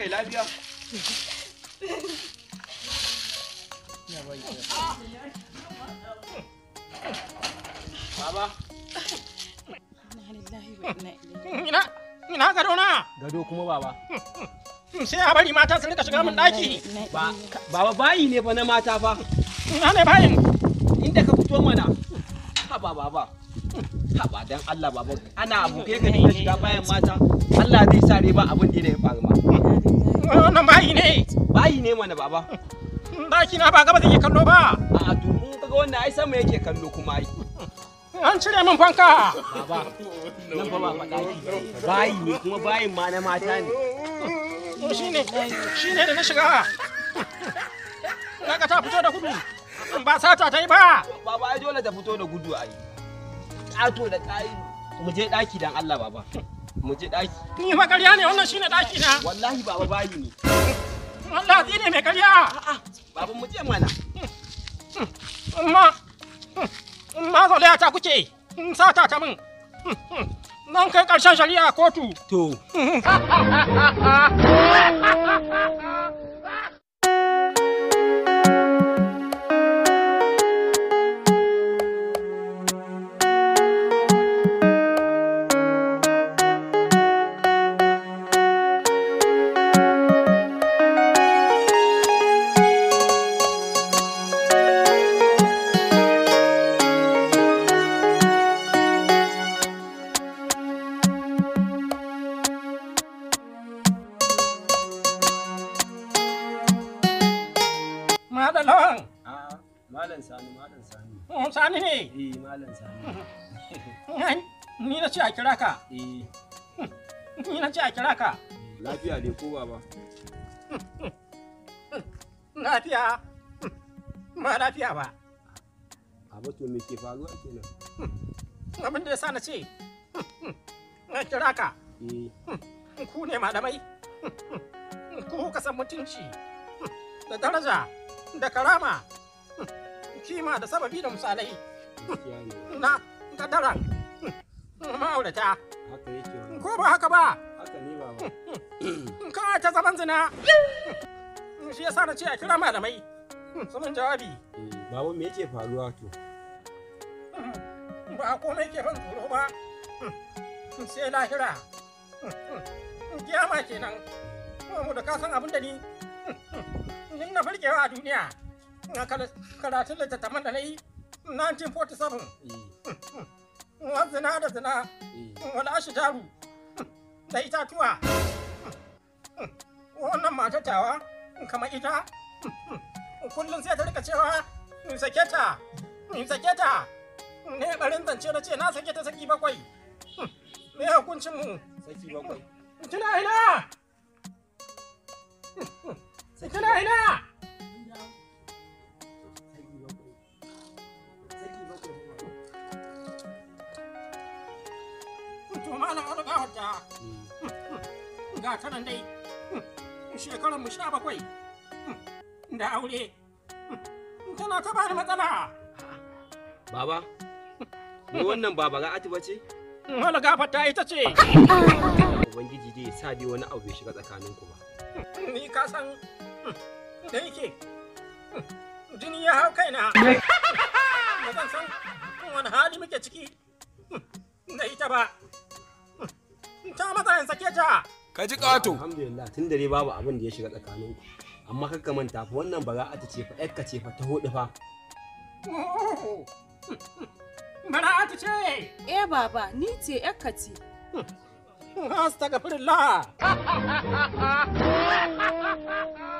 Hmm, sai a bari mata su rika shiga min daki. Baba ne na mata ne bayin. Inda ka fito mana. Haba baba. Haba dan Allah baba. Ana abu kai ka bayan mata. Allah zai sare ba ne da ya faru Wannan bayi ne. Bayi ne mana baba. Daki na ba gaba zai kallo ba. A'a to mun kaga wannan ai sama yake kallo kuma ai. An cire min fanka. Baba. Nan fa ba faɗa. Bayi ne kuma bayin ma na mata ne. Shine shine da na shiga. Kaga ta fito da gudu. Ba sata ta yi ba. Baba ai dole ta fito da gudu ai. Ƙato da ƙari. Mu je ɗaki dan Allah baba. mu je daki ni fa ƙarya ne wannan shine daki na wallahi baba bayi ne wallahi ne mai ƙarya a'a baba mu je mana amma amma zolaya ta kuke in hmm, sata ta min hmm, hmm, nan kai ƙarshen shari'a kotu to da nan. Ah, Malam Sani, Malam Sani. Oh, Sani ne? Eh, Malam Sani. Eh, ni na ce a kira ka? Eh. Ni na ce a kira ka? Lafiya ne ko baba? Lafiya? Ma lafiya ba. Abu to me ke faruwa kenan? Abin da ya sa na ce, na kira ka. Eh. Ku ne malamai, ku ka san mutunci da daraja. da karama kima da sababi da misalai na kadaran ma'aurata ko ba haka ba ka ta zaman zina shi yasa na ce a kira malamai saman jawabi eh, babu me yake faruwa to ba komai ke ban tsoro ba sai lahira kiyama kenan mu da kasan abin da ni na farkewa a duniya na karatun littattafan da na yi 1947 wani eh. zina da zina eh. wani ashi daru da itatuwa wannan matatawa kamar ita kullum sai ta rika cewa in sake ta in sake ta ne barin zance da ce na sake ta saki bakwai me hukuncin mu saki bakwai tuna ina Sakina ina! To malam alba hata. Ga ta nan dai. Shekaran mu sha bakwai. Da aure. Tana ta bani matsala. Baba, ni wannan baba ce? ita ce. ubangiji dai ya sa dai wani abu ya shiga tsakanin ku ba hmm, ni ka san hmm, da yake hmm, jini ya hau kaina ba zan san wani hali muke ciki da ita ba ta mata yanzu sake ta ka ji ƙato alhamdulillah tun dare babu abin da ya shiga tsakanin ku amma kakka manta fa wannan ba za a ta ce fa ƴakka ce fa ta hudu fa Bara'atu ce! Eh baba, ni ce ƴakka ce. lá